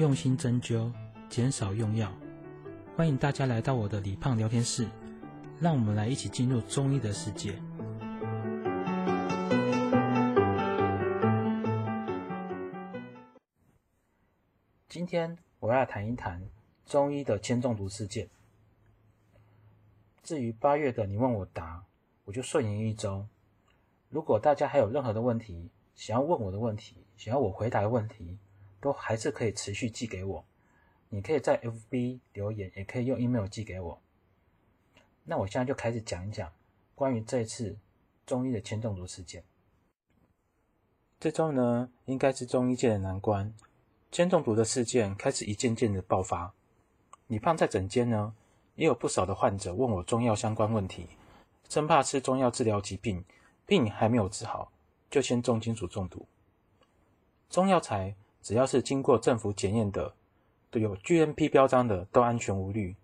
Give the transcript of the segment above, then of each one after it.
用心針灸，減少用藥。歡迎大家來到我的李胖聊天室，讓我們來一起進入中醫的世界。今天我要談一談中醫的鉛中毒事件。至於八月的你問我答，我就順延一周。如果大家還有任何的問題，想要問我的問題，想要我回答的問題。都還是可以持續寄給我，你可以在 FB 留言，也可以用 email 寄給我。那我現在就開始講一講關於這次中醫的鉛中毒事件。最終呢，應該是中醫界的難關，鉛中毒的事件開始一件件的爆發。你胖在診間呢，也有不少的患者問我中藥相關問題，生怕吃中藥治療疾病，病還沒有治好，就先重金屬中毒，中藥材，只要是經過政府檢驗的、都有 GMP 標章的，都安全無慮。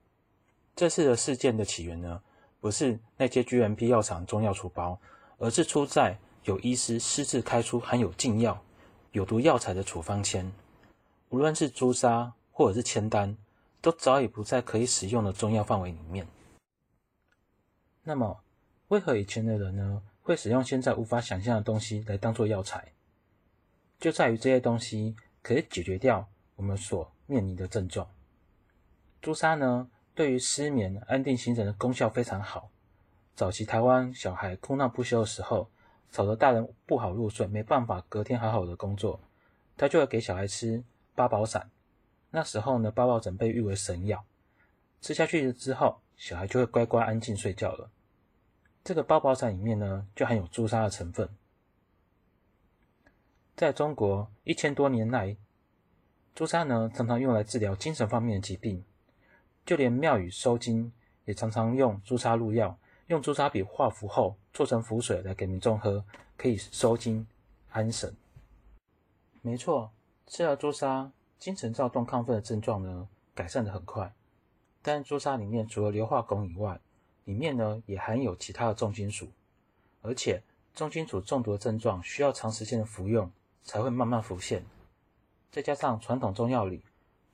這次的事件的起源呢，不是那些 GMP 藥廠的中藥出包，而是出在有醫師私自開出含有禁藥、有毒藥材的處方签。無論是朱砂或者是鉛丹，都早已不在可以使用的中藥範圍裡面。那麼，為何以前的人呢會使用現在無法想象的東西來當做藥材？就在於這些東西。可以解決掉我們所面臨的症狀。朱砂呢，對於失眠、安定心神的功效非常好。早期台灣小孩哭鬧不休的時候，吵得大人不好入睡，沒辦法隔天好好的工作，他就會給小孩吃八寶散。那時候呢，八寶散被譽為神藥，吃下去之後，小孩就會乖乖安靜睡覺了。這個八寶散裡面呢，就含有朱砂的成分。在中國一千多年來，朱砂呢常常用來治療精神方面的疾病，就連廟宇收驚也常常用朱砂入藥，用朱砂筆畫符後做成符水來給民眾喝，可以收驚安神。沒錯，治療朱砂精神躁動、亢奮的症狀呢，改善得很快。但朱砂裡面除了硫化汞以外，裡面呢也含有其他的重金屬，而且重金屬中毒的症狀需要長時間的服用。才會慢慢浮現。再加上傳統中藥裡，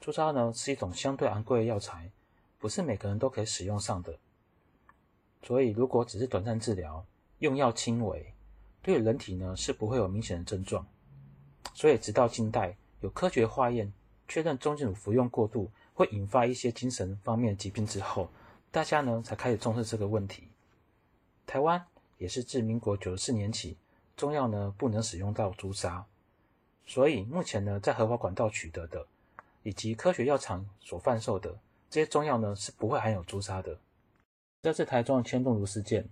朱砂呢是一種相對昂貴的藥材，不是每個人都可以使用上的。所以，如果只是短暫治療，用藥輕微，對人體呢是不會有明顯的症狀。所以，直到近代有科學化驗確認重金屬服用過度會引發一些精神方面的疾病之後，大家呢才開始重視這個問題。台灣也是自民國九十四年起，中藥呢不能使用到朱砂。所以目前呢，在合法管道取得的，以及科學藥廠所販售的這些中藥呢，是不會含有朱砂的。這次台中的鉛中毒事件，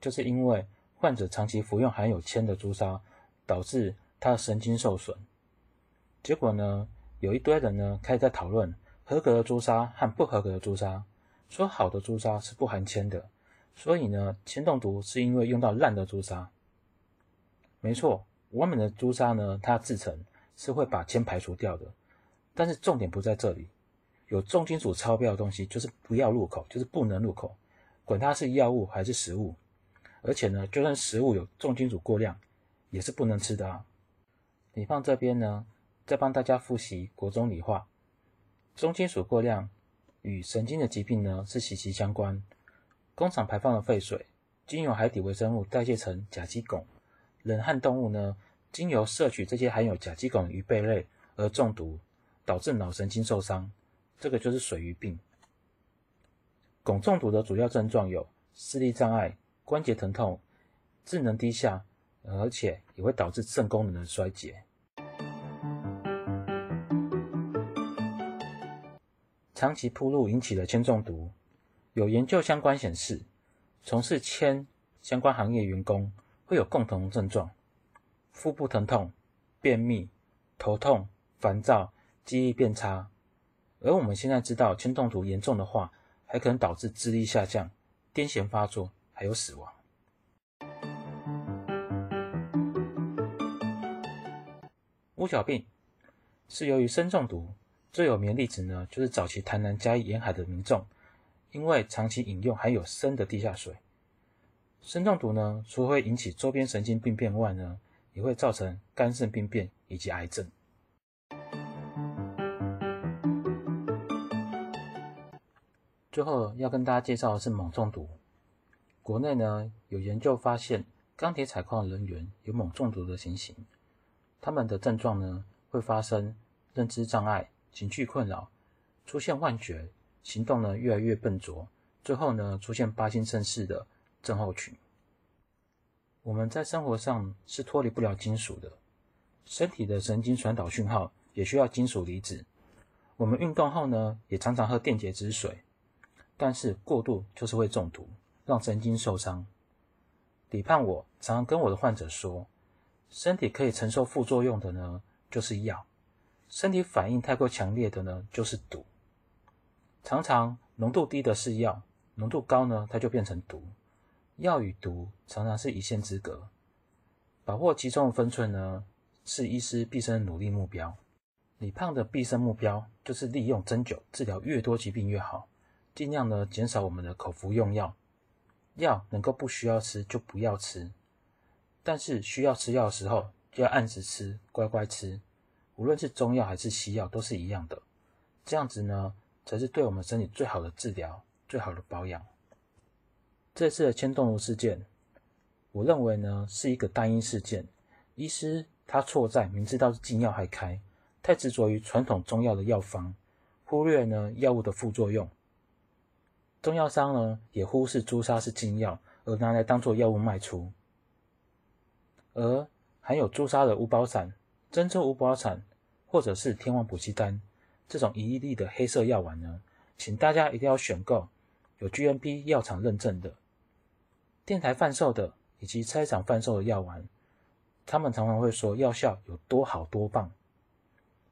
就是因為患者長期服用含有鉛的朱砂，導致他的神經受損。結果呢，有一堆人呢開始在討論合格的朱砂和不合格的朱砂，說好的朱砂是不含鉛的，所以呢鉛中毒是因為用到爛的朱砂。沒錯。外面的朱砂呢，它製成是會把鉛排除掉的，但是重點不在這裡。有重金屬超標的東西，就是不要入口，就是不能入口，管它是藥物還是食物。而且呢，就算食物有重金屬過量，也是不能吃的啊。你放這邊呢，再幫大家複習國中理化。重金屬過量與神經的疾病呢是息息相關。工廠排放的廢水，經由海底微生物代謝成甲基汞。人和動物呢，經由攝取這些含有甲基汞的魚貝類而中毒，導致腦神經受傷，這個就是水俁病。汞中毒的主要症狀有視力障礙、關節疼痛、智能低下，而且也會導致腎功能的衰竭。長期暴露引起的鉛中毒，有研究相關顯示，從事鉛相關行業員工。會有共同症狀：腹部疼痛、便秘、頭痛、煩躁、記憶變差。而我們現在知道，鉛中毒嚴重的話，還可能導致智力下降、癲癇發作，還有死亡。烏腳病是由於砷中毒，最有名的例子呢，就是早期台南嘉義沿海的民眾，因為長期飲用含有砷的地下水。砷中毒呢，除了會引起周邊神經病變外呢，也會造成肝腎病變以及癌症。最後要跟大家介紹的是錳中毒。國內呢有研究發現，鋼鐵採礦人員有錳中毒的情形。他們的症狀呢會發生認知障礙、情緒困擾、出現幻覺、行動呢越來越笨拙，最後呢出現巴金森氏症的。症候群。我們在生活上是脫離不了金屬的，身體的神經傳導訊號也需要金屬離子。我們運動後呢，也常常喝電解質水，但是過度就是會中毒，讓神經受傷。你判我常常跟我的患者說，身體可以承受副作用的呢，就是藥；身體反應太過強烈的呢，就是毒。常常濃度低的是藥，濃度高呢，它就變成毒。藥與毒常常是一線之隔，把握其中的分寸呢，是醫師畢生的努力目標。李胖的畢生目標就是利用針灸治療越多疾病越好，盡量呢減少我們的口服用藥，藥能夠不需要吃就不要吃。但是需要吃藥的時候，就要按時吃，乖乖吃。無論是中藥還是西藥都是一樣的，這樣子呢才是對我們身體最好的治療，最好的保養。這次的鉛中毒事件，我認為呢是一個單一事件。醫師他錯在明知道是禁藥還開，太執着於傳統中藥的藥方，忽略呢藥物的副作用。中藥商呢也忽視朱砂是禁藥，而拿來當做藥物賣出。而含有朱砂的五寶散、珍珠五寶散，或者是天王補氣丹這種一粒的黑色藥丸呢，請大家一定要選購有 GMP 藥廠認證的。電台販售的以及菜場販售的藥丸，他們常常會說藥效有多好、多棒。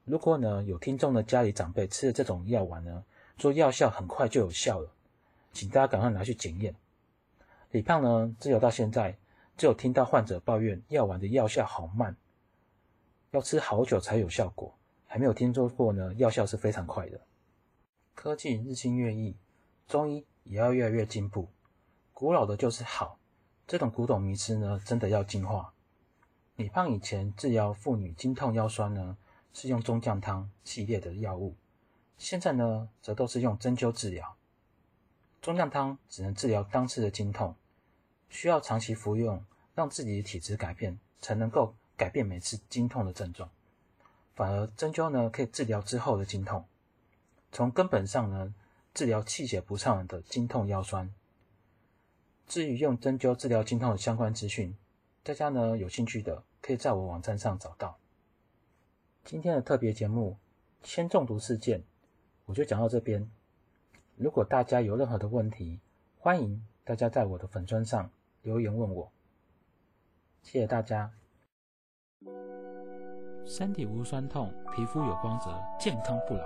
如果呢有聽眾的家裡長輩吃了這種藥丸呢，說藥效很快就有效了，請大家趕快拿去檢驗。李胖呢，治療到現在，只有聽到患者抱怨藥丸的藥效好慢，要吃好久才有效果，還沒有聽說過呢藥效是非常快的。科技日新月異，中醫也要越來越進步。古老的就是好。這種古董迷思呢，真的要進化。李胖以前治療婦女經痛腰酸呢，是用中將湯系列的藥物，現在呢，則都是用針灸治療。中將湯只能治療當次的經痛，需要長期服用，讓自己的體質改變，才能夠改變每次經痛的症狀。反而針灸呢，可以治療之後的經痛，從根本上呢，治療氣血不暢的經痛腰酸。至於用針灸治療經痛的相關資訊，大家呢，有興趣的可以在我網站上找到。今天的特別節目鉛中毒事件，我就講到這邊。如果大家有任何的問題，歡迎大家在我的粉專上留言問我。謝謝大家。身體無痠痛，皮膚有光澤，健康不老。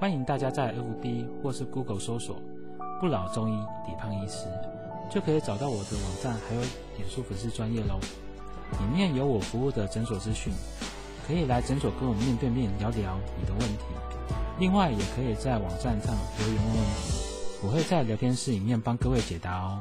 歡迎大家在 FB 或是 Google 搜索“不老中醫李胖醫師”。就可以找到我的網站，還有臉書粉絲專頁嘍。裡面有我服務的診所資訊，可以來診所跟我們面對面聊聊你的問題。另外，也可以在網站上留言問問題，我會在聊天室裡面幫各位解答哦。